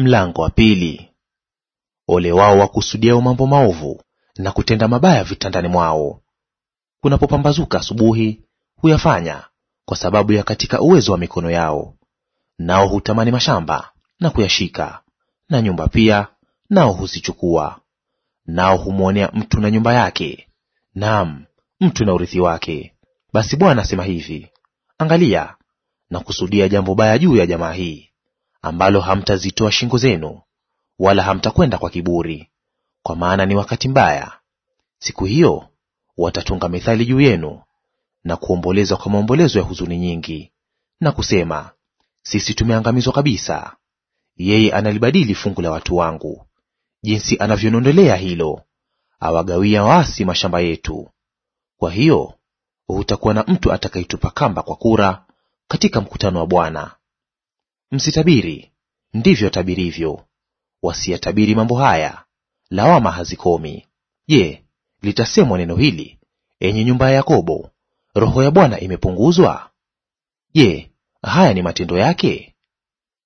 Mlango wa pili. Ole wao wakusudiao mambo maovu na kutenda mabaya vitandani mwao. Kunapopambazuka asubuhi huyafanya kwa sababu ya katika uwezo wa mikono yao. Nao hutamani mashamba na kuyashika, na nyumba pia nao huzichukua. Nao humwonea mtu na nyumba yake, naam, mtu na urithi wake. Basi Bwana asema hivi, angalia, nakusudia jambo baya juu ya jamaa hii ambalo hamtazitoa shingo zenu, wala hamtakwenda kwa kiburi, kwa maana ni wakati mbaya. Siku hiyo watatunga methali juu yenu na kuomboleza kwa maombolezo ya huzuni nyingi, na kusema, sisi tumeangamizwa kabisa. Yeye analibadili fungu la watu wangu, jinsi anavyonondolea hilo, awagawia waasi mashamba yetu. Kwa hiyo hutakuwa na mtu atakayetupa kamba kwa kura katika mkutano wa Bwana, Msitabiri, ndivyo tabirivyo. Wasiyatabiri mambo haya, lawama hazikomi. Je, litasemwa neno hili, enyi nyumba ya Yakobo, roho ya Bwana imepunguzwa? Je, haya ni matendo yake?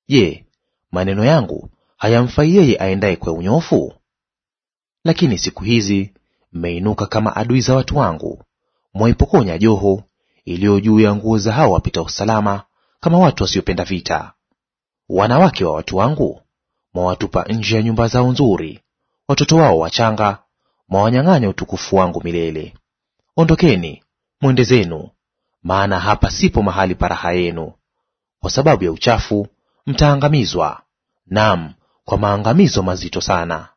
Je, maneno yangu hayamfai yeye aendaye kwa unyofu? Lakini siku hizi mmeinuka kama adui za watu wangu, mwaipokonya joho iliyo juu ya nguo za hao wapita usalama, kama watu wasiopenda vita. Wanawake wa watu wangu mwawatupa nje ya nyumba zao nzuri, watoto wao wachanga mwawanyang'anya utukufu wangu milele. Ondokeni mwende zenu, maana hapa sipo mahali pa raha yenu. Kwa sababu ya uchafu mtaangamizwa, nam kwa maangamizo mazito sana.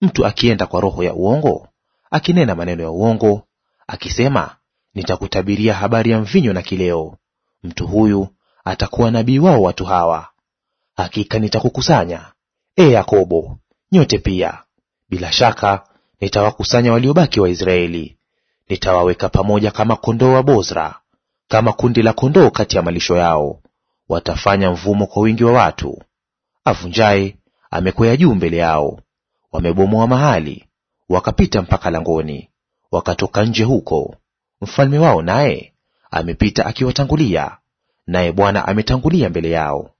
Mtu akienda kwa roho ya uongo, akinena maneno ya uongo, akisema nitakutabiria habari ya mvinyo na kileo, mtu huyu atakuwa nabii wao watu hawa. Hakika nitakukusanya, e Yakobo, nyote pia; bila shaka nitawakusanya waliobaki wa Israeli. Nitawaweka pamoja kama kondoo wa Bozra, kama kundi la kondoo kati ya malisho yao. Watafanya mvumo kwa wingi wa watu. Avunjaye amekwea juu mbele yao. Wamebomoa mahali, wakapita mpaka langoni, wakatoka nje huko. Mfalme wao naye amepita akiwatangulia, naye Bwana ametangulia mbele yao.